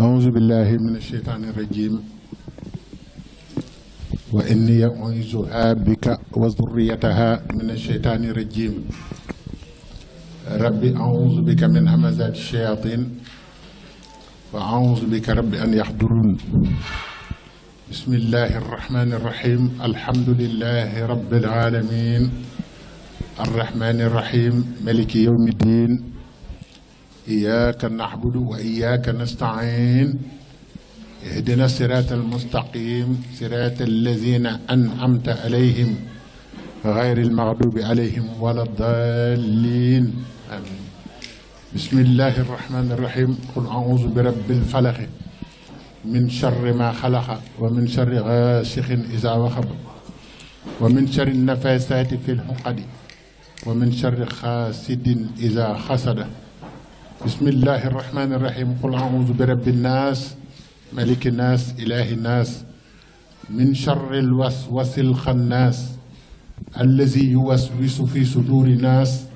أعوذ بالله من الشيطان الرجيم وإني أعوذها بك وذريتها من الشيطان الرجيم ربي أعوذ بك من همزات الشياطين وأعوذ بك ربي أن يحضرون بسم الله الرحمن الرحيم الحمد لله رب العالمين الرحمن الرحيم ملك يوم الدين إياك نعبد وإياك نستعين اهدنا الصراط المستقيم صراط الذين أنعمت عليهم غير المغضوب عليهم ولا الضالين آمين بسم الله الرحمن الرحيم قل أعوذ برب الفلق من شر ما خلق ومن شر غاسق إذا وخب ومن شر النفاسات في الحقد ومن شر خاسد إذا خسد بسم الله الرحمن الرحيم قل أعوذ برب الناس ملك الناس إله الناس من شر الوسوس الخناس الذي يوسوس في صدور الناس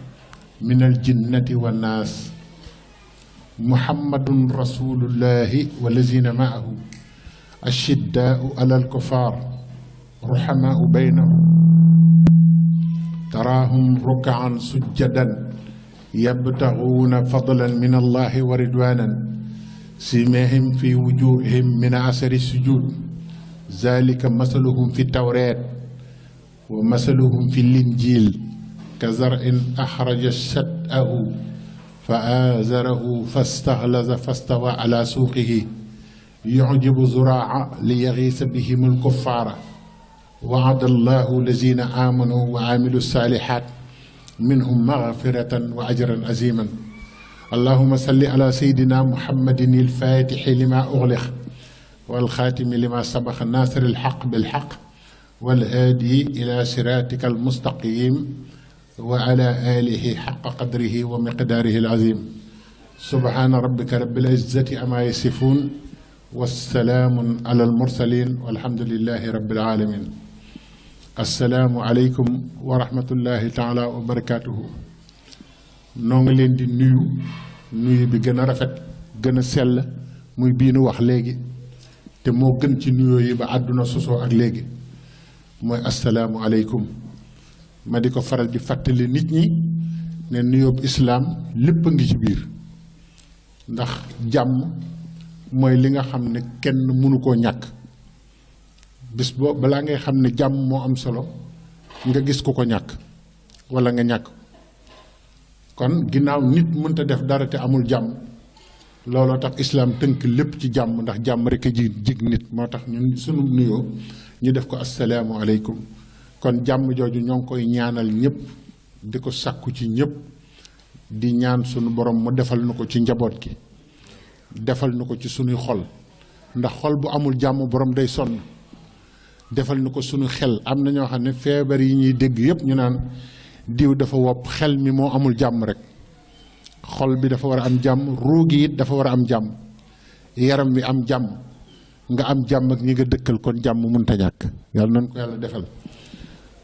من الجنة والناس محمد رسول الله والذين معه الشداء على الكفار رحماء بينهم تراهم ركعا سجدا يبتغون فضلا من الله ورضوانا سيماهم في وجوههم من عسر السجود ذلك مثلهم في التوراة ومثلهم في الإنجيل كزرع أخرج الشتاه فآزره فاستغلظ فاستوى على سوقه يعجب زراعا ليغيث بهم الكفار وعد الله الذين آمنوا وعملوا الصالحات منهم مغفرة وأجرا عظيما اللهم صل على سيدنا محمد الفاتح لما أغلق والخاتم لما سبق ناصر الحق بالحق والهادي إلى صراطك المستقيم وعلى آله حق قدره ومقداره العظيم سبحان ربك رب العزة أما يصفون والسلام على المرسلين والحمد لله رب العالمين السلام عليكم ورحمة الله تعالى وبركاته نونغلين دي نيو نيو بي گنا رافت گنا سيل موي بي نو واخ لگی تي سوسو اك لگی السلام عليكم ما ديكو فرال دي فاتلي نيت نيو اسلام لپ نغي سي بير ndax jam moy li nga xamne bis bo bala ngay xamne ne mo am solo nga gis ku ko wala nga ñak kon ginaaw nit ta def dara te amul jam, lolo tax islam teunk lepp ci jam ndax jam rek ji jig nit motax ñun sunu nuyo ñu def ko assalamu alaykum kon jam joju ñong koy ñaanal ñepp di ko ci ñepp di ñaan sunu borom mu defal nuko ci njabot gi defal nuko ci sunuy xol ndax xol bu amul jam borom day sonn defal nu ko sunu xel am na ñoo xam ne feebar yi ñuy dégg yépp ñu naan diw dafa wopp xel mi moo amul jàmm rek xol bi dafa war a am jàmm ruugi it dafa war a am jàmm yaram bi am jàmm nga am jàmm ak ñi nga dëkkal kon jàmm munta ñàkk yàlla noonu ko yàlla defal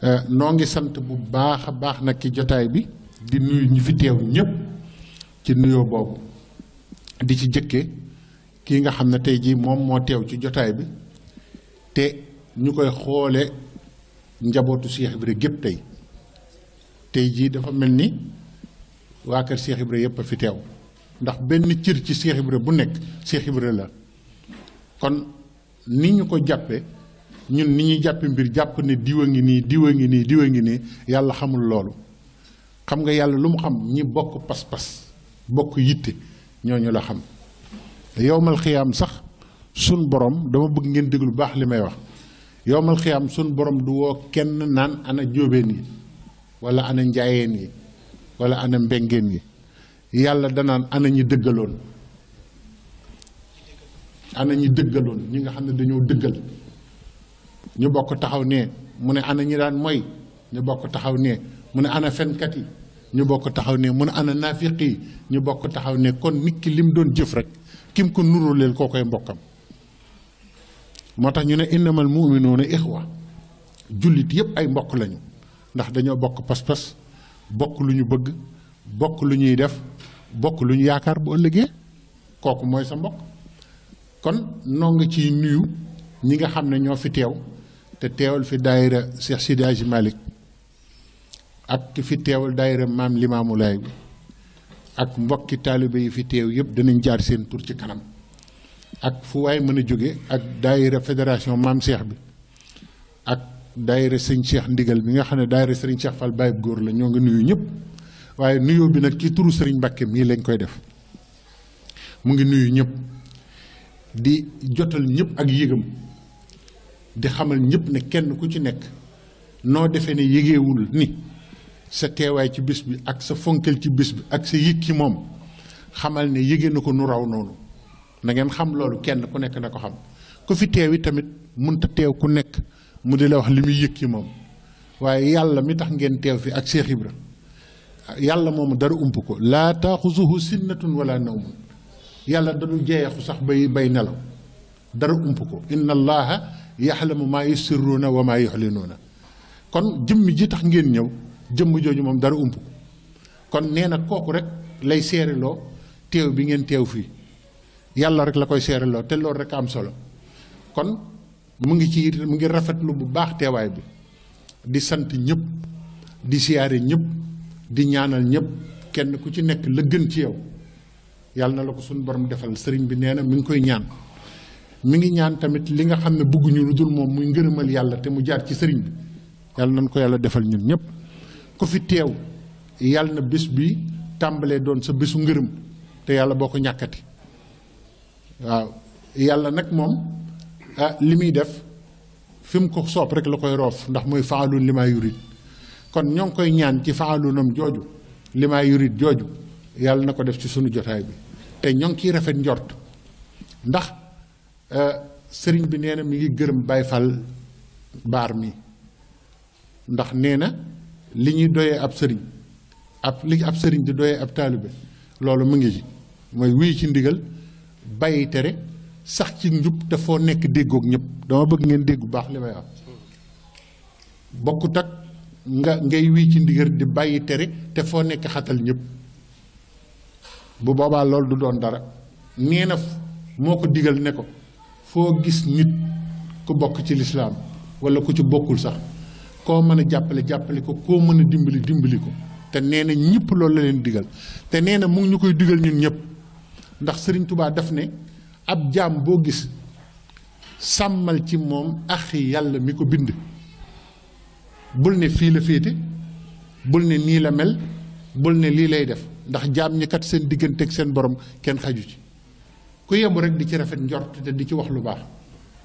euh, noo ngi sant bu baax a baax nag ki jotaay bi di nuyu ñu fi teew ñépp ci nuyoo boobu di ci jëkke kii nga xam ne tey jii moom moo teew ci jotaay bi te ñu koy xoole njabootu Cheikh ibrahim gep tay tay ji dafa melni wa keur Cheikh ibrahim yëpp fi tew ndax ben ciir ci Cheikh ibrahim bu nek Cheikh ibrahim la kon ni ñu ko jappé ñun ni ñi jàppe mbir japp ne diwa ngi ni diwa ngi ni diwa ngi ni yalla xamul loolu xam nga yalla lu mu xam ñi bokk pas-pas bokk yitte ñooñu la xam yowmal qiyam sax sun borom dama bëgg ngeen déglu baax wax yowmal xiyam sun borom du wo kenn nan ana jóobeen yi wala ana njaayeen yi wala ana mbengeen yi da nan ana ñi deggalon ana ñi deggalon ñi nga xamne dañu deggal ñu bokk taxaw ne mu ne ana ñi daan moy ñu bokk taxaw ne mu ne ana kat yi ñu bokk taxaw ne mu ne ana nafiqi ñu bokk taxaw ne kon nit ki lim doon jëf rek kim ko nurulel kokoy mbokam moo tax ñu ne mu noonu muminuuna wa jullit yëpp ay mbokk lañu ndax dañoo bokk pas-pas bokk lu ñu bëgg bokk lu ñuy def bokk lu ñu yaakaar bu ëllëgee kooku mooy sa mbokk kon noo ngi ciy nuyu ñi nga xam ne ñoo fi teew te teewal fi daayira Cheikh Sidi Hadji ak ki fi teewal daayira maam Limaamu Laay bi ak mbokki taalibe yi fi teew yëpp danañ jaar seen tur ci kanam ak fu waay mën a jóge ak daayira fédération maam Cheikh bi ak daayira sëñ Cheikh ndigal bi nga xam ne daayira sëriñ Cheikh Fall Baye góor la ñoo ngi nuyu ñëpp waaye nuyoo bi nag ci turu sëriñ Mbàkke mii lañ koy def mu ngi nuyu ñëpp di jotal ñëpp ak yégam di xamal ñëpp ne kenn ku ci nekk noo defee ne yëgeewul ni sa teewaay ci bis bi ak sa fonkel ci bis bi ak sa yëg ci moom xamal ne yëge na ko nu raw noonu na ngeen xam loolu kenn ku nekk na ko xam ku fi teew tamit munta teew ku nekk mu di la wax li muy yëg ci moom waaye yàlla mi tax ngeen teew fi ak Cheikh Ibra yàlla moomu dara ump ko la taaxuzuhu sinnatun wala nawmun yàlla dadu jeexu sax bay bay nelaw dara ump ko inna allaha yaxlamu maa yusirruuna wa maa yuxlinuuna kon jëmm ji tax ngeen ñëw jëmm jooju moom dara ump ko kon nee na kooku rek lay seeriloo teew bi ngeen teew fii yalla rek la koy seeraloo té lool rek am solo kon mu ngi ci mu ngi lu bu baax teewaay bi di sant ñëpp di siyaré ñëpp di ñaanal ñëpp kenn ku ci nekk la gën ci yow yalla na la ko suñu borom defal sëriñ bi nee na mi ngi koy ñaan mi ngi ñaan tamit li nga xam bëggu ñu lu dul mom muy ngërëmal yalla té mu jaar ci sëriñ bi yalla nañ ko yalla defal ñun ñëpp ku fi téw yalla na bés bi tambalé doon sa te yalla boko ñakati waaw yàlla nag moom ah li muy def fi mu ko soob rek la koy roof ndax mooy faalun li maa yurid kon ñoo ngi koy ñaan ci faalunam jooju li maa yurid jooju yàlla na ko def ci sunu jotaay bi te ñoo ngi ciy rafet njort ndax eh, sëriñ bi nee na mi ngi gërëm Baay Fall baar mi ndax nee na li ñuy doyee ab sëriñ ab li ab sëriñ di doyee ab taalibe loolu mu ngi ci mooy wuy ci ndigal bàyyi tere sax ci njub te foo nekk déggook ñëpp dama bëgg ngeen dégg bu baax li may wax bokkut ak nga ngay wii ci ndigal di bàyyi tere te foo nekk xatal ñëpp bu boobaa loolu du doon dara nee na moo ko digal ne ko foo gis nit ku bokk ci lislaam wala ku ci bokkul sax koo mën a jàppale jàppale ko koo mën a dimbali dimbali ko te nee na ñëpp loolu la leen digal te nee na mu ñu koy digal ñun ñëpp ndax serigne touba daf ne ab jam bo gis samal ci mom akhi yàlla mi ko bind bul ne fi la fete bul ne ni la mel bul ne li lay def ndax jam ñi kat seen digeunte ak seen borom ken xaju ci ku yebu rek di ci rafet njort te di ci wax lu baax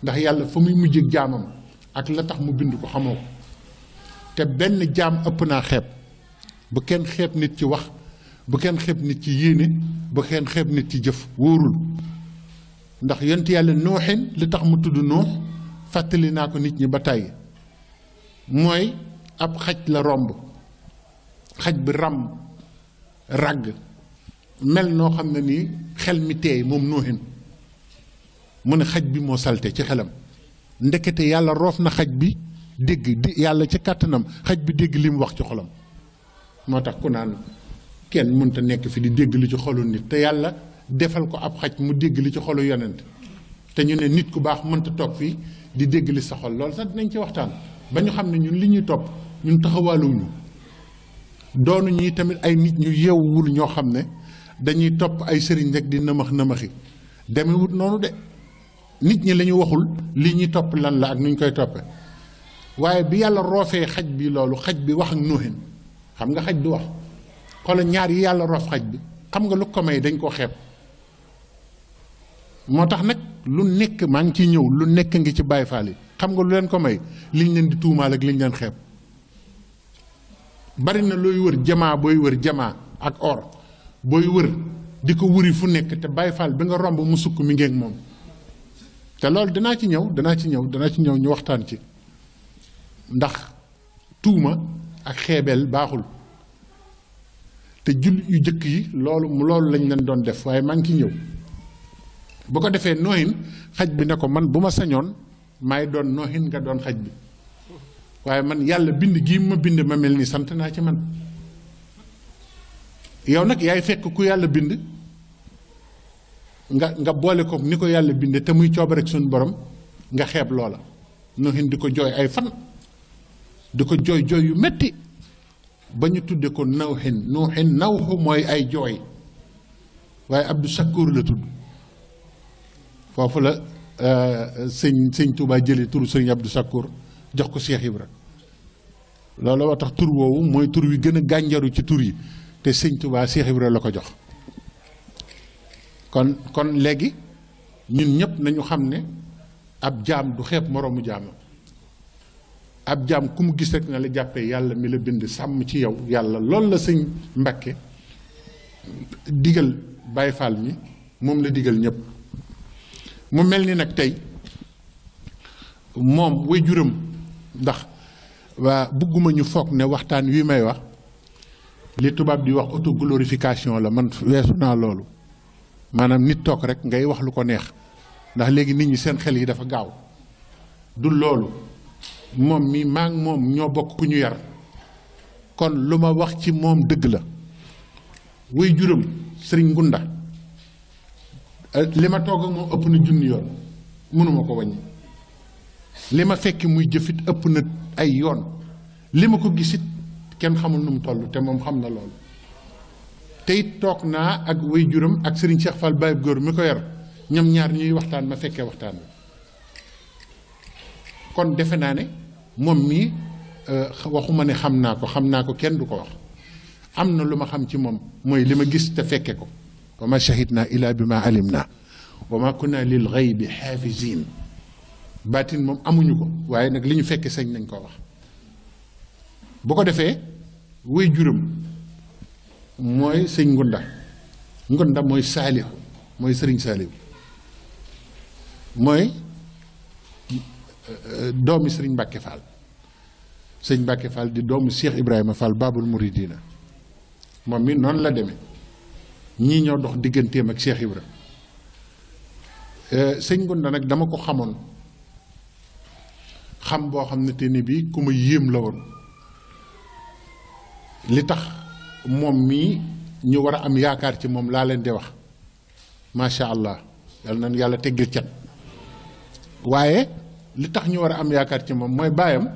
ndax yàlla fa muy mujjee jaamam ak la tax mu bind ko xamoko te ben jam ëpp na xeeb bu ken xeeb nit ci wax بكن kenn xeeb nit ci yéene bu kenn xeeb nit ci jëf wóorul ndax yonent yàlla nooxin li tax mu tudd noox fàttali naa ko nit ñi ba tàyyi mooy ab xaj la romb xaj bi ràmm ràgg mel noo xam ne nii xel mi teey moom nooxin mu ne xaj bi moo salte ci xelam ndekete yàlla rof na xaj bi dégg di yàlla ci kàttanam xaj bi dégg li wax ci xolam moo ku naan kenn mënta nekk fi di dégg li ci xolu nit te yàlla defal ko ab xaj mu dégg li ci xolu yonent te ñu ne nit ku baax mënta toog fii di dégg li sa xol loolu sax dinañ ci waxtaan ba ñu xam ne ñun li ñuy topp ñun taxawaaluñu doonu ñi tamit ay nit ñu yeewuwul ñoo xam ne dañuy topp ay sëriñ rek di nëmax nëmaxi demewut noonu de nit ñi la ñu waxul li ñuy topp lan la ak nu ñu koy toppe waaye bi yàlla roofee xaj bi loolu xaj bi wax ak nuuhin xam nga xaj du wax xoolal ñaar yi yàlla roof xaj bi xam nga lu ko may dañ ko xeeb moo tax nag lu nekk maa ngi ciy ñëw lu nekk ngi ci Baay Faal yi xam nga lu leen ko may liñ leen di tuumaal ak liñ leen xeeb bari na looy wër jamaa booy wër jamaa ak or booy wër di ko wuri fu nekk te Baay Faal bi nga romb mu sukk mi ngeeg moom te loolu danaa ci ñëw danaa ci ñëw danaa ci ñëw ñu waxtaan ci ndax tuuma ak xeebeel baaxul te jul yu jëkk yi loolu loolu lañ leen doon def waaye maa ngi ciy ñëw bu ko defee noohin xaj bi ne ko man bu ma sañoon maay doon noohin nga doon xaj bi waaye man yàlla bind gii ma bind ma mel ni sant naa ci man yow nag yaay fekk ku yàlla bind nga nga boole ko ni ko yàlla bind te muy cooba rek suñu borom nga xeeb loola noohin di ko jooy ay fan di ko jooy jooy yu metti ba ñu tudde ko nawxin nuuxin nawxu mooy ay jooy waaye Abdou Sakkoor la tudd foofu la euh, sëñ sëñ Touba jële turu sëñ Abdou Sakkoor jox ko Cheikh Ibra loolu moo tax tur woowu mooy tur wi gën a gànjaru ci tur yi te sëñ Touba Cheikh Ibra la ko jox kon kon léegi ñun ñëpp nañu xam ne ab jaam du xeeb moroomu jaamam ab jaam ku mu gis rek na la jàppee yàlla mi la bind sàmm ci yow yàlla loolu la sëñ Mbàkke digal Baay Faal mi moom la digal ñëpp mu mel ni nag tey moom way juram ndax waa bëgguma ñu foog ne waxtaan wi may wax li tubaab di wax autoglorification la man weesu naa loolu maanaam nit toog rek ngay wax lu ko neex ndax léegi nit ñi seen xel yi dafa gaaw du loolu moom mii maa moom ñoo bokk ku ñu yar kon lu ma wax ci moom dëgg la way juróom sëriñ ngunda euh, li ma toog ak moom ëpp na junni yoon mënuma ko wàññi li ma fekki muy jëfit ëpp na ay yoon li ma ko gisit kenn xamul nu mu toll te moom xam na loolu tey it toog naa ak way juróom ak sëriñ Cheikh Fall Baye góor mi ko yar ñoom ñaar ñuy waxtaan ma fekkee waxtaan bi kon defe naa ne moom mii waxuma ne xam naa ko xam naa ko kenn du ko wax am na lu ma xam ci moom mooy li ma gis te fekke ko wa ma shahid naa ila bi ma alim naa wa ma kunna lil ghaybi xaafizin baatin moom amuñu ko waaye nag li ñu fekke sañ nañ ko wax bu ko defee way juróom mooy sëñ ngunda ngunda mooy saalihu mooy sëriñ saalihu mooy Euh, doomi sëriñ Mbàkke Fall sëñ Mbàkke Fall di doomu seex Ibrahima Fall Babul Mouridina moom mi noonu la deme ñii ñoo dox digganteem ak Cheikh Ibrahima euh, sëñ Ngunda nag dama ko xamoon xam boo xam ne te ni bii ku ma yéem la woon li tax moom mii ñu war a am yaakaar ci moom laa leen di wax macha allah yal nañu yàlla teggil waaye. li tax ñu war a am yaakaar ci moom mooy baayam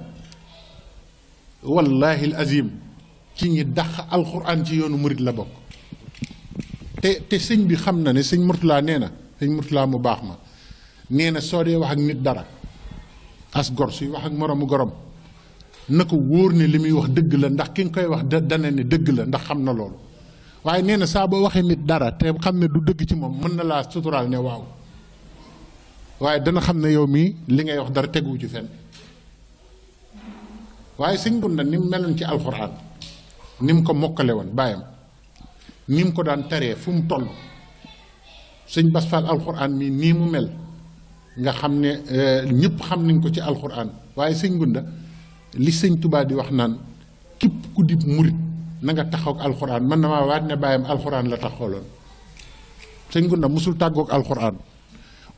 wallahi al azim ci ñi dàq alquran ci yoonu murit la bokk te te sëñ bi xam na ne sëñ Murtala nee na sëñ Murtala mu baax ma nee na soo dee wax ak nit dara as gor suy wax ak moroomu gorom na ko wóor ne li muy wax dëgg la ndax ki nga koy wax da dana ne dëgg la ndax xam na loolu waaye nee na saa boo waxee nit dara te xam ne du dëgg ci moom mën na laa suturaal ne waaw waaye dana xam ne yow mii li ngay wax dara teguwu ci fenn waaye sëñ Gunda nim mu meloon ci alxuraan ni mu ko mokkale woon baayam ni ko daan taree fu mu toll sëñ Bass Fall alxuraan mii nii mu mel nga xam ne eh, ñëpp xam nañ ko ci alxuraan waaye sëñ Gunda li sëñ Tuubaa di wax naan képp ku dib murit na nga taxaw ak alxuraan man na maa waat ne bàyyam alxuraan la taxawloon sëñ Gunda mosul tàggoog alxuraan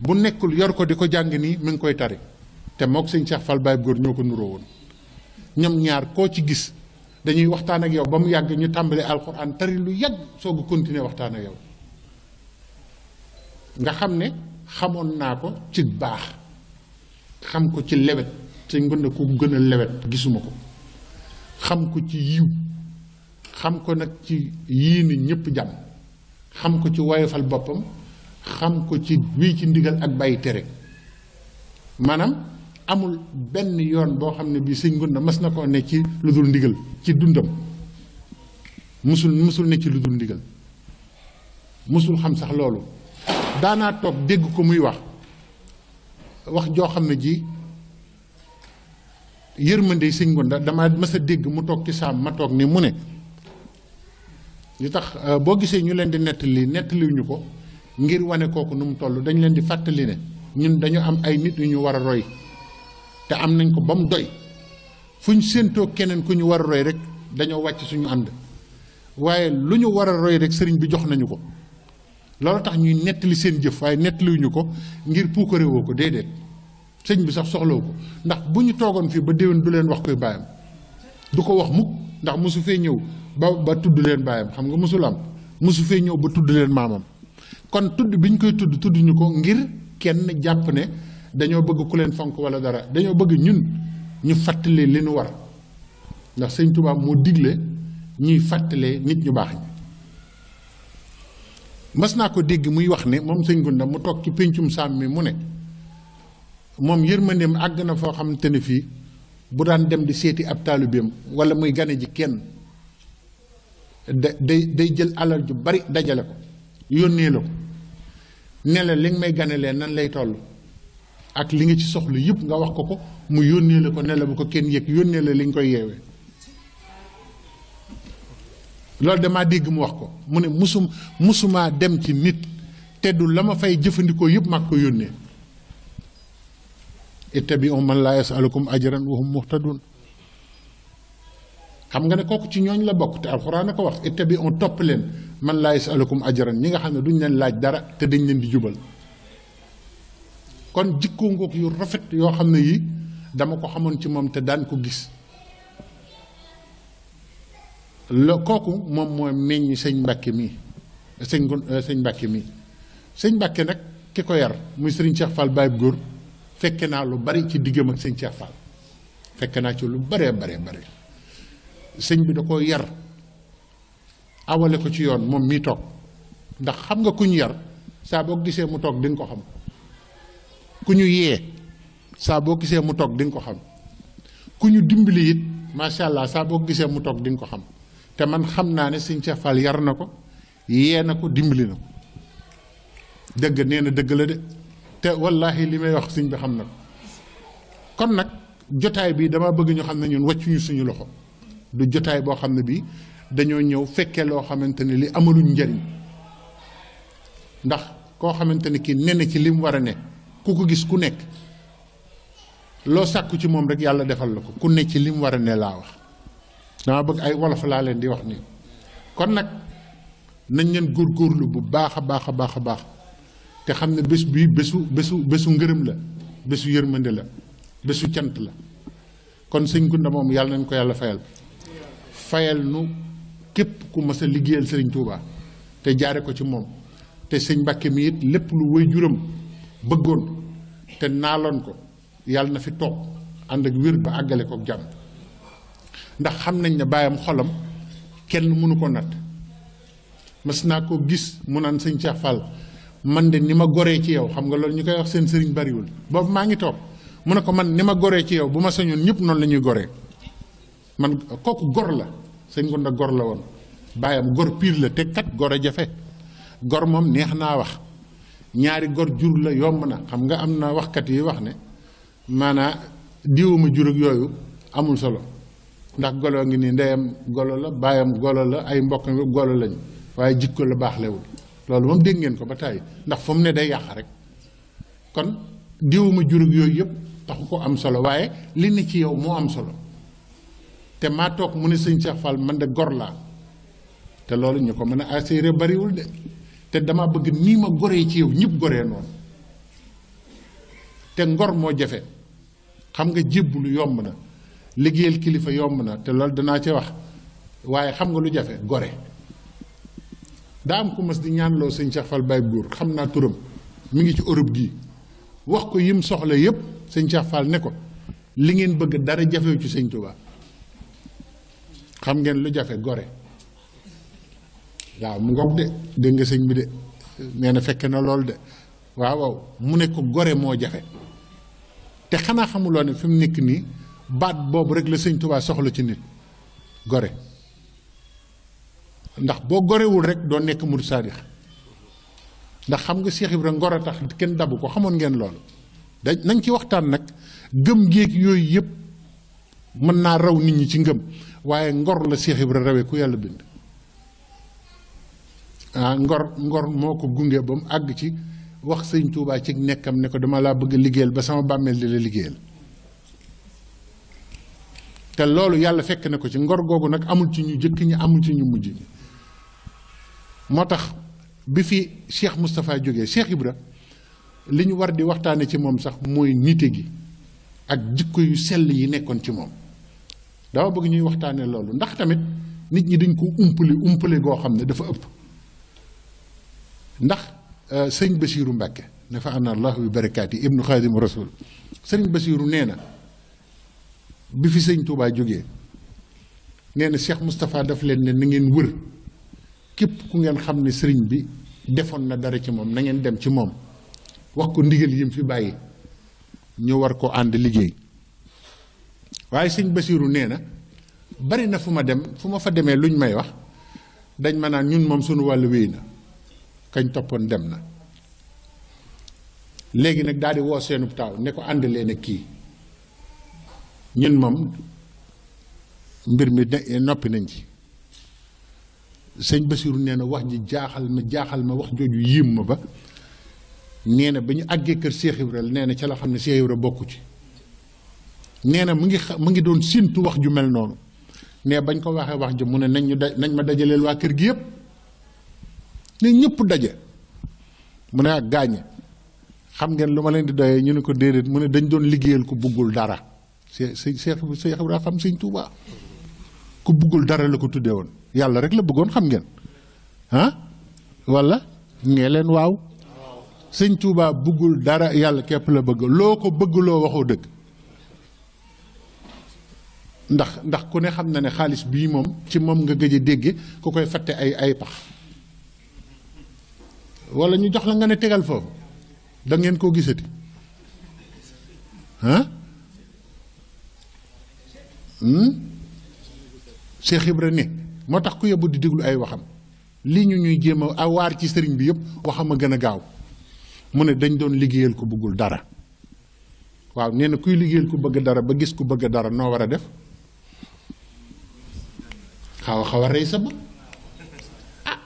bu nekkul yor ko di ko jàng nii mu ngi koy tari te mook sëñ Cheikh Fall Baye góor ñoo ko nuroo woon ñoom ñaar koo ci gis dañuy waxtaan ak yow ba mu yàgg ñu tàmbali alxuraan tari lu yàgg soog a continuer waxtaan ak yow nga xam ne xamoon naa ko ci baax xam ko ci lewet te ngën ko gën a lewet gisuma ko xam ko ci yiw xam ko nag ci yii ni ñëpp jàmm xam ko ci woyofal boppam xam ko ci wii ci ndigal ak bàyyi tere maanaam amul benn yoon boo xam ne bii sëñ Ngunda mas na koo ne ci lu dul ndigal ci dundam musul musul ne ci lu dul ndigal xam sax loolu daanaa toog dégg ko muy wax wax joo xam ne ji yërmande sëñ Ngunda dama mas a dégg mu toog ci saam ma toog ni mu ne li tax euh, boo gisee ñu leen di nettali nettaliwuñu ko ngir wane kooku nu mu toll dañ leen di fàttali ne ñun dañu am ay nit yu ñu war a roy te am nañ ko ba mu doy fu ñu séentoo keneen ku ñu war a roy rek dañoo wàcc suñu ànd waaye lu ñu war a roy rek sëriñ bi jox nañu ko loolu tax ñuy nettali seen jëf waaye nettaliwuñu ko ngir puukare woo ko déedéet sëñ bi sax soxlawu ko ndax bu ñu toogoon fii ba déwén du leen wax koy baayam du ko wax mukk ndax mosu fee ñëw ba ba tudd leen baayam xam nga mosul am mosu fee ñëw ba tudd leen maamam. kon tudd bi ñu koy tudd tudd ñu ko ngir kenn jàpp ne dañoo bëgg ku leen fonk wala dara dañoo bëgg ñun ñu fàttali li nu war ndax sëñ Tuubaa moo digle ñuy fàttalee nit ñu baax ñi mas naa ko dégg muy wax ne moom sëñ Gunda mu toog ci péncum saam mi mu ne moom yërmandeem àgg na foo xamante ne fii bu daan dem di seeti ab taalibeem wala muy gane ji kenn da day day jël alal ju bari dajale ko yónnee la ko ne la li nga may ganelee nan lay toll ak li nga ci soxlu yëpp nga wax ko ko mu yónnee la ko ne la ko kenn yëg yónnee la li nga koy yeewee loolu damaa dégg mu wax ko mu ne musum musumaa dem ci nit te du la ma fay jëfandikoo yëpp mag ko yónnee ittabi'u man laa yasalukum ajran wa hum muhtadun xam nga ne kooku ci ñooñ la bokk te alquran ko wax bi on topp leen man laa alakum ajaran ñi nga xam ne duñ leen laaj dara te dañ leen di jubal kon jikko ngoog yu rafet yoo xam ne yi dama ko xamoon ci moom te daan ko gis la kooku moom mooy meññ sëñ mbàkke mi sëñ euh, sëñ mbàkke mi sëñ mbàkke nag ki ko yar muy sëriñ cheikh fall bayib góor fekke naa lu bari ci diggam ak sëñ cheikh fall fekke naa ci lu bare bare bare sëñ bi da ko yar awale ko ci yoon moom mii toog ndax xam nga ku ñu yar saa boo gisee mu toog di nga ko xam ku ñu yee saa boo gisee mu toog di nga ko xam ku ñu dimbali it macha allah saa boo gisee mu toog di nga ko xam te man xam naa ne siñ Cheikh Fall yar na ko yee na ko dimbali na ko dëgg nee na dëgg la de te wallaahi li may wax sëñ bi xam na ko kon nag jotaay bii dama bëgg ñu xam ne ñun wàccuñu suñu loxo. du jotaay boo xam ne bii dañoo ñëw fekkee loo xamante ne li amaluñ njëriñ ndax koo xamante ne kii ne ci lim war a ne ku ko gis ku nekk loo sàkku ci moom rek yàlla defal la ko ku ne ci lim mu war a ne laa wax dama bëgg ay wolof laa leen di wax ni kon nag nañ leen góorgóorlu bu baax a baax a baax baax te xam ne bés bii bésu bésu bésu la bésu yërmande la bésu cant la kon sëñ Gunda moom yàlla nañ ko yàlla fayal fayal nu képp ku mas a liggéeyal sëriñ Touba te jaare ko ci moom te sëñ Mbàkke mi it lépp lu way juram bëggoon te naaloon ko yàlla na fi toog ànd ak wér ba àggale ko jàmm ndax xam nañ ne baayam xolam kenn mënu ko natt mas naa ko gis mu naan sëñ Cheikh fal man de ni ma goree ci yow xam nga loolu ñu koy wax seen sëriñ bariwul boobu maa ngi toog mu ne ko man ni ma goree ci yow bu ma sañoon ñëpp noonu lañuy ñuy goree man kooku gor la sëñ Ngunda gor la woon baayam gor piir la teg kat gor a jafe gor moom neex naa wax ñaari gor jur la yomb na xam nga am na waxkat yi wax ne maanaa diwuma jur ak yooyu amul solo ndax golo ngi ni ndeyam golo la baayam golo la ay mbokk golo lañu waaye jikko la baax lewul loolu moom dégg ngeen ko ba tàyyi ndax fu mu ne day yàq rek kon diwuma jur yooyu yëpp taxu ko am solo waaye li ne ci yow moo am solo te maa toog mu ne sëñ Cheikh Fall man de gor laa te loolu ñu ko mën a assuré bariwul de te dama bëgg nii ma goree ci yow ñëpp goree noonu te ngor moo jafe xam nga jébbulu yomb na liggéeyal kilifa yomb na te lool danaa ci wax waaye xam nga lu jafe gore daa am ku mas di ñaanloo sëñ Cheikh Fall Baye Góor xam naa turam mu ngi ci Europe gii wax ko yim soxla yépp sëñ Cheikh Fall ne ko li ngeen bëgg dara jafewu ci sëñ Touba. xam ngeen lu jafe gore waaw mu ngoog de dégg nga sëñ bi de nee na fekke na loolu de waaw waaw mu ne ko gore moo jafe te xanaa xamuloo ne fim mu nekk nii baat boobu rek la sëñ Tuubaa soxla ci nit gore ndax boo gorewul rek doo nekk murid saadix ndax xam nga Cheikh Ibra ngor a tax kenn dabu ko xamoon ngeen loolu dañ nañ ci waxtaan nag gëm géeg yooyu yëpp mën naa raw nit ñi ci ngëm waaye ngor la Cheikh Ibra rawee ku yàlla bind ah ngor ngor moo ko gunge ba mu àgg ci wax sëñ Tuubaa ci nekkam ne ko dama laa bëgg liggéeyal ba sama bàmmeel di la liggéeyal te loolu yàlla fekk ne ko ci ngor googu nag amul ci ñu jëkk ñi amul ci ñu mujj moo tax bi fi Cheikh Moustapha jógee Cheikh Ibra li ñu war di waxtaane ci moom sax mooy nite gi ak jikko yu sell yi nekkoon ci moom dama bëgg ñuy waxtaanee loolu ndax tamit nit ñi dañ ko umpale umpale goo xam ne dafa ëpp ndax sëñ Basiiru Mbàkke dafa am na allahu bi barakaati ibnu xaadimu rasul sëriñ Basiiru nee na bi fi sëñ Tuubaa jógee nee na Cheikh Moustapha daf leen ne na ngeen wër képp ku ngeen xam ne sëriñ bi defoon na dara ci moom na ngeen dem ci moom wax ko ndigal yim fi bàyyi ñu war ko ànd liggéey waaye sëñ Basiiru nee na bari na fu ma dem fu ma fa demee luñ may wax dañ ma naan ñun moom suñu wàllu wéy na kañ toppoon dem na léegi nag daal di woo seenub taaw ne ko ànd leen ak kii ñun moom mbir mi noppi nañ ci sëñ Basiiru nee na wax ji jaaxal ma jaaxal ma wax jooju yéem ma ba nee na ba ñu àggee kër Cheikh Ibrahima nee na ca la xam ne Cheikh bokku ci nee na mu ngi xa mu ngi doon sintu wax ju mel noonu ne bañ ko waxee wax ju mu ne nañ ñu daj nañ ma dajaleel waa kër gi yëpp ne ñëpp daje mu ne ak gaañe xam ngeen lu ma leen di doyee ñu ne ko déedéet mu ne dañ doon liggéeyal ku buggul dara see see seex seex xam sëñ Tuubaa ku buggul dara la ko tuddee woon yàlla rek la bëggoon xam ngeen walla ngee leen waaw sëñ Tuubaa buggul dara yàlla képp la bëgg loo ko bëgg loo waxoo dëgg ndax ndax ku ne xam na ne xaalis bii moom ci moom nga gëj a dégg ku koy fatte ay ay pax wala ñu jox la nga ne tegal foofu da koo gisati ah Cheikh moo tax ku yóbbu di diglu ay waxam lii ñu ñuy jéem a waar ci sëriñ bi yëpp waxam a gën a gaaw mu ne dañ doon liggéeyal ko bëggul dara waaw nee na kuy liggéeyal ku bëgg dara ba gis ku bëgg dara noo war a def xaw a rey sa bopp ah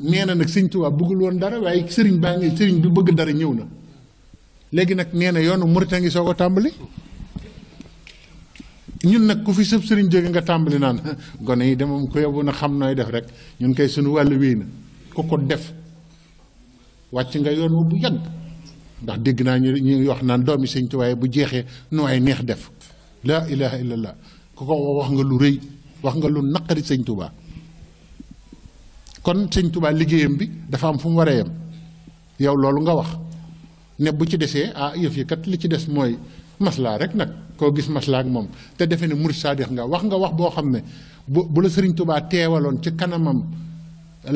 nee nag sëñ Tuubaa bëggul woon dara waaye sëriñ baa ngi sëriñ bi bëgg dara ñëw na léegi nag nee yoonu Murit a ngi soo ko tàmbali ñun nag ku fi sëb sëriñ jóge nga tàmbali naan gone yi de moom ku yóbbu na xam nooy def rek ñun kay suñu wàllu wéy na ku ko def wàcc nga yoon wu bu yàgg ndax dégg naa ñu ñu wax naan doom doomi sëñ Tuubaa bu jeexee nu ay neex def laa ilaha illallah ku ko wax nga lu rëy wax nga lu naqari sëñ Touba kon sëñ tubaa liggéeyam bi dafa am fu mu waree yam yow loolu nga wax ne bu ci desee ah yëf yi kat li ci des mooy maslaa rek nag koo gis maslaa ak moom te defe ne murid saadix nga wax nga wax boo xam ne bu bu la sëriñ tubaa teewaloon ci kanamam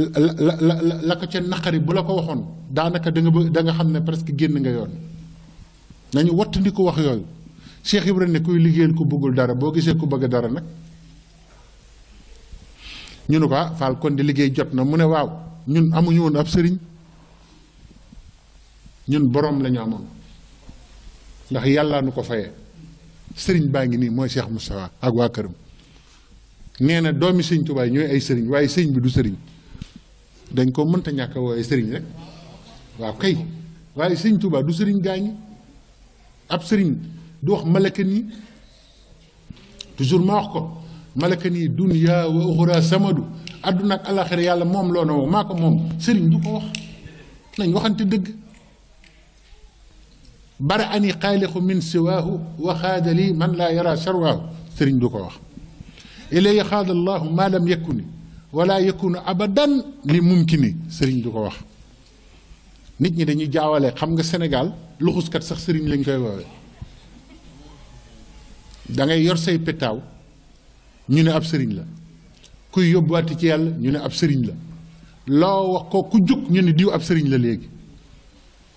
la la la la ko ca naqari bu la ko waxoon daanaka da nga ba da nga xam ne presque génn nga yoon nañu wattandiku wax yooyu Cheikh Ibrahima ne kuy liggéeyal ku bëggul dara boo gisee ku bëgg dara nag. ñu ne ko ah Fall kon di liggéey jot na mu ne waaw ñun amuñu woon ab sëriñ ñun boroom lañu amoon ndax yàlla nu ko fayee sëriñ baa ngi nii mooy mu Moustapha ak waa këram nee na doomi sëriñ Tuubaa ñooy ay sëriñ waaye sëriñ bi du sëriñ dañ ko mënta ñàkk a wooye sëriñ rek waaw kay waaye sëriñ Tuubaa du sëriñ gaañi ab sëriñ du wax malaka nii toujours ma wax ko malakani dunya wa ukhra samadu aduna ak alakhir yàlla mom lo no mako mom serigne moom du ko wax nañ waxanti deug bar ani xaalixu min siwahu wa khadali man la yara sharwa serigne du ko wax ilay khad allah ma lam yakuni wala yakunu abadan li mumkini sëriñ du ko wax nit ñi dañuy jaawale xam nga Sénégal luxuskat sax sëriñ lañ koy woowee da ngay yor say pétaaw ñu ne ab sëriñ la kuy yóbbuwaati ci yàlla ñu ne ab sëriñ la loo wax ko ku jug ñu ne diw ab sëriñ la léegi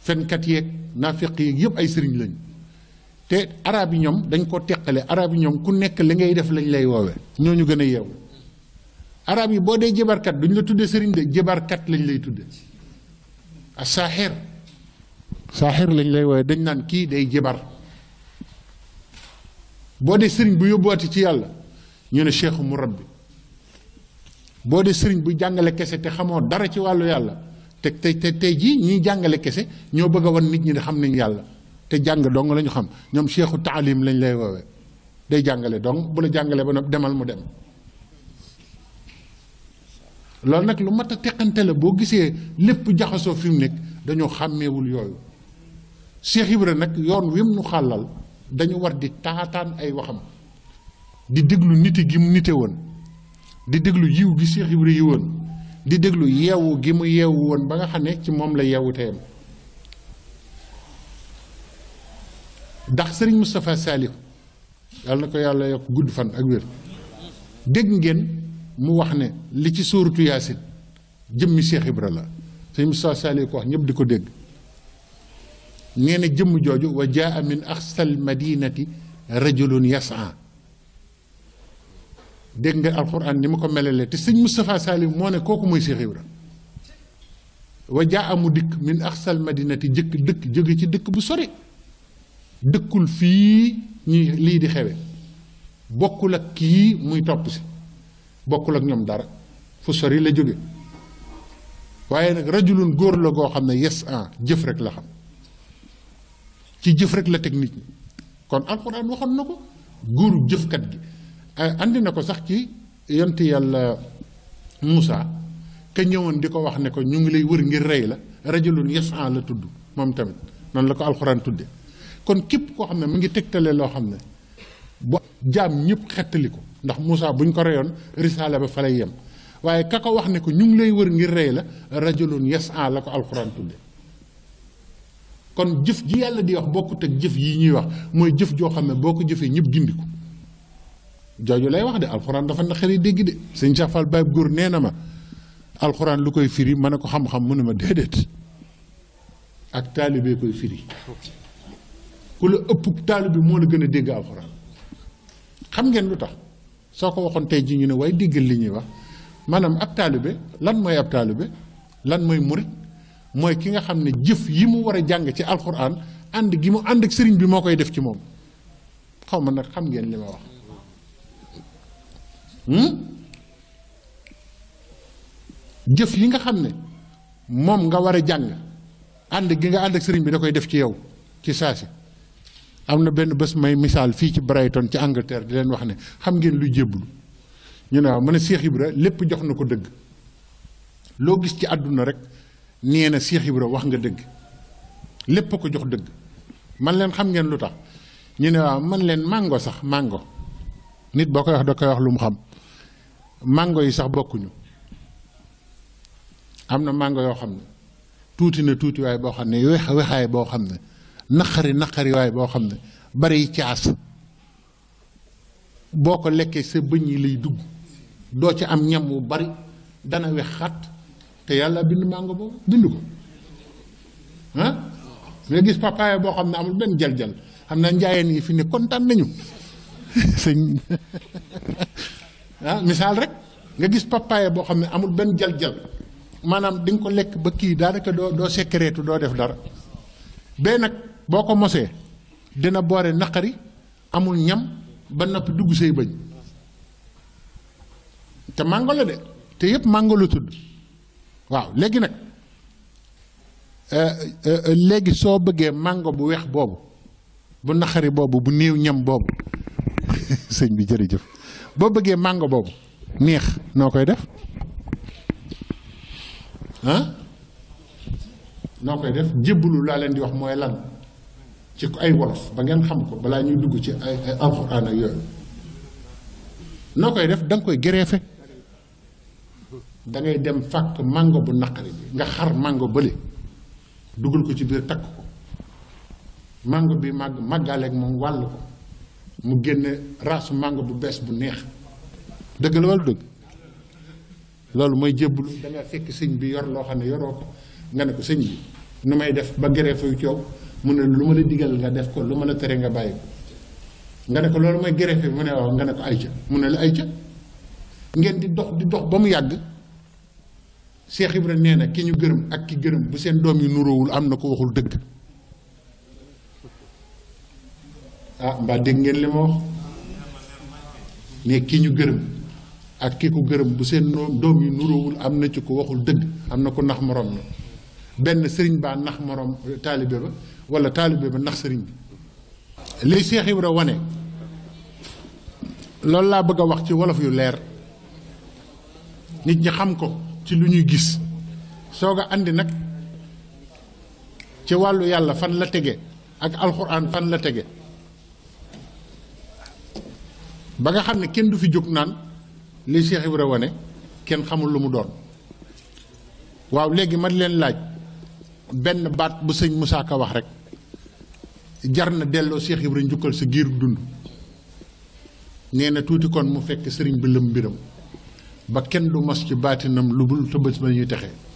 fenkat yeeg naafeq yeeg yëpp ay sëriñ lañ te arab yi ñoom dañ ko teqale arab yi ñoom ku nekk li ngay def lañ lay woowe ñu gën a yeew arab yi boo dee jëbarkat duñ la tuddee sëriñ de jëbarkat lañ lay tudde a saaxir saaxir lañ lay woowe dañ naan kii day jëbar boo dee sëriñ bu yóbbuwaati ci yàlla ñu ne cheikhu murabbi boo dee sëriñ bu jàngale kese te xamoo dara ci wàllu yàlla te te te tey jii ñiy jàngale kese ñoo bëgg a wan nit ñi ne xam nañ yàlla te jàng dong la ñu xam ñoom seexu taalim lañ lay woowee day jàngale dong bu la jàngalee ba noppi demal mu dem. loolu nag lu mat a teqante la boo gisee lépp jaxasoo fi mu dañoo xàmmewul yooyu Cheikh Ibra nag yoon wi mu nu xàllal dañu war di taataan ay waxam. di déglu niti gi mu nite woon di déglu yiw gi Cheikh Ibra yi woon di déglu yeewu gi mu yeewu woon ba nga xam ne ci moom la yeewu teyam ndax sëriñ Moustapha Saliou yàlla na ko yàlla yokk gudd fan ak wér dégg ngeen mu wax ne li ci sóoratu yaasin jëmmi Cheikh Ibra la sëriñ Moustapha Saliou ko wax ñëpp di ko dégg nee na jëmm jooju wa jaa min axsal madinati rajulun yas'a dégg nga alxuraan ni ma ko melalee te siñ Moustapha Saliou moo ne kooku mooy Cheikh Ibra wa jaa amu dikk min axsal madinati jëkk dëkk jóge ci dëkk bu sori dëkkul fii ñi lii di xewe bokkul ak kii muy topp si bokkul ak ñoom dara fu sori la jóge waaye nag rajulun góor la goo xam ne yes an ah, jëf rek la xam ci jëf rek la teg kon alxuraan waxoon na ko góoru jëfkat gi Eh, andi na ko sax ci yonti yàlla Moussa ka ñëwoon di ko wax ne ko ñu ngi lay wër ngir rey la rajulun yas'a la tudd moom tamit noonu la ko alxuraan tudde kon képp koo xam ne mu ngi tegtale loo xam ne bu jaam ñëpp xettali ndax Moussa buñ ko reyoon risaale ba fa lay waaye ka wax ne ko ñu ngi lay wër ngir rey la rajulun yas'a la ko alxuraan kon jëf ji yàlla di wax bokkut ak jëf yi ñuy wax mooy jëf joo xam ne boo ko jëfee ñëpp gindi ko jojo lay wax de alxuraan dafa xeri deg de seigne chafal bay Baab Góor ma lu koy firi manako ko xam-xam munuma dedet ak koy firi ku la upp taalibe mo la gëna deg dégg xam ngeen lutax soko waxon tay ji ñu ne way déggal li ñi wax manam ab taalibe lan moy ab taalibe lan moy murit moy ki nga xam ne jëf yi mu wara jang ci alxuraan and gi mu and ak serigne bi mo koy def ci mom xawma nak xam ngeen lima wax Hmm? jëf yi nga xam ne moom nga war a jàng ànd gi nga ànd ak sëriñ bi da koy def ci yow ci saasi am na benn bés may misaal fii ci Brighton ci Angleterre di leen wax ne xam ngeen luy jébblu ñu ne waaw mu ne Cheikh lépp jox na ko dëgg loo gis ci àdduna rek nee na Cheikh Ibra wax nga dëgg lépp ko jox dëgg man leen xam ngeen lu tax ñu ne waaw man leen màngo sax màngo nit boo koy wax da koy wax lu mu xam mango yi sax bokkuñu am na mango yoo xam ne tuuti na tuutiwaay boo xam ne wex wexaay boo xam ne naqari naqariwaay boo xam ne bari caas boo ko lekkee sa bëñ yi lay dugg doo ci am ñam wu bari dana wex xat te yàlla bind màngo boobu bind ko ah gis papaaya boo xam ne amul benn jal-jal xam naa njaayeen yi fi ne kontaan nañu ah misaal rek nga gis papaye boo xam ne amul benn jal-jal maanaam dinga ko lekk ba kii daanaka doo doo sekkareetu doo def dara bee nag boo ko mosee dina boore naqari amul ñam ba noppi dugg say bëñ te màngo la de te yëpp màngo la tudd waaw léegi nag eh, eh, léegi soo bëggee màngo bu weex boobu bu naqari boobu bu néew ñam boobu sëñ bi jërëjëf. bo bëggee mango boobu neex nokoy def ah nokoy def jébbalu la len di wax moy lan ci ay wolof ba ngeen xam ko bala ñuy dugg ci ay alquran ak yoy nokoy def dang koy da ngay dem fak mango bu nakari nga xar mango bële dugal ko ci bir tak ko mango bi màgg màggaaleeg mom ko mu génne rasu màngo bu bes bu neex dëgg la wala dëgg loolu mooy jébbulu da nga fekk sëñ bi yor loo xam ne yoroo ko nga ne ko sëñ bi nu may def ba gere fay coow mu ne lu ma la digal nga def ko lu ma la tere nga bàyyi ko nga ne ko loolu mooy gere fay mu ne waaw nga ne ko ayca mu ne la ayca ngeen di dox di dox ba mu yàgg Cheikh Ibrahima nee na ki ñu gërëm ak ki gërëm bu seen doom yu nuróowul am na ko waxul dëgg ah mbaa ngeen li ma wax ne ki ñu gërëm ak ki ko gërëm bu seen doom yu nuróowul am na ci ko waxul dëgg am na ko nax moroom benn sëriñ baa nax moroom euh, taalibe ba wala taalibe ba nax sëriñ bi li Cheikh wane loolu laa bëgg a wax ci wolof yu leer nit ñi xam ko ci lu ñuy gis soog a andi nag ci wàllu yàlla fan la tege ak alxuraan fan la tege ba nga xam ne kenn du fi jóg naan li Cheikh Ibra wane kenn xamul lu mu doon waaw léegi man leen laaj benn baat bu sëñ Moussa Ka wax rek jar na delloo Cheikh Ibra njukkal si giir dund nee na tuuti kon mu fekk sëriñ bi lëm mbiram ba kenn du mos ci baatinam lu bul tëbës ba ñuy texe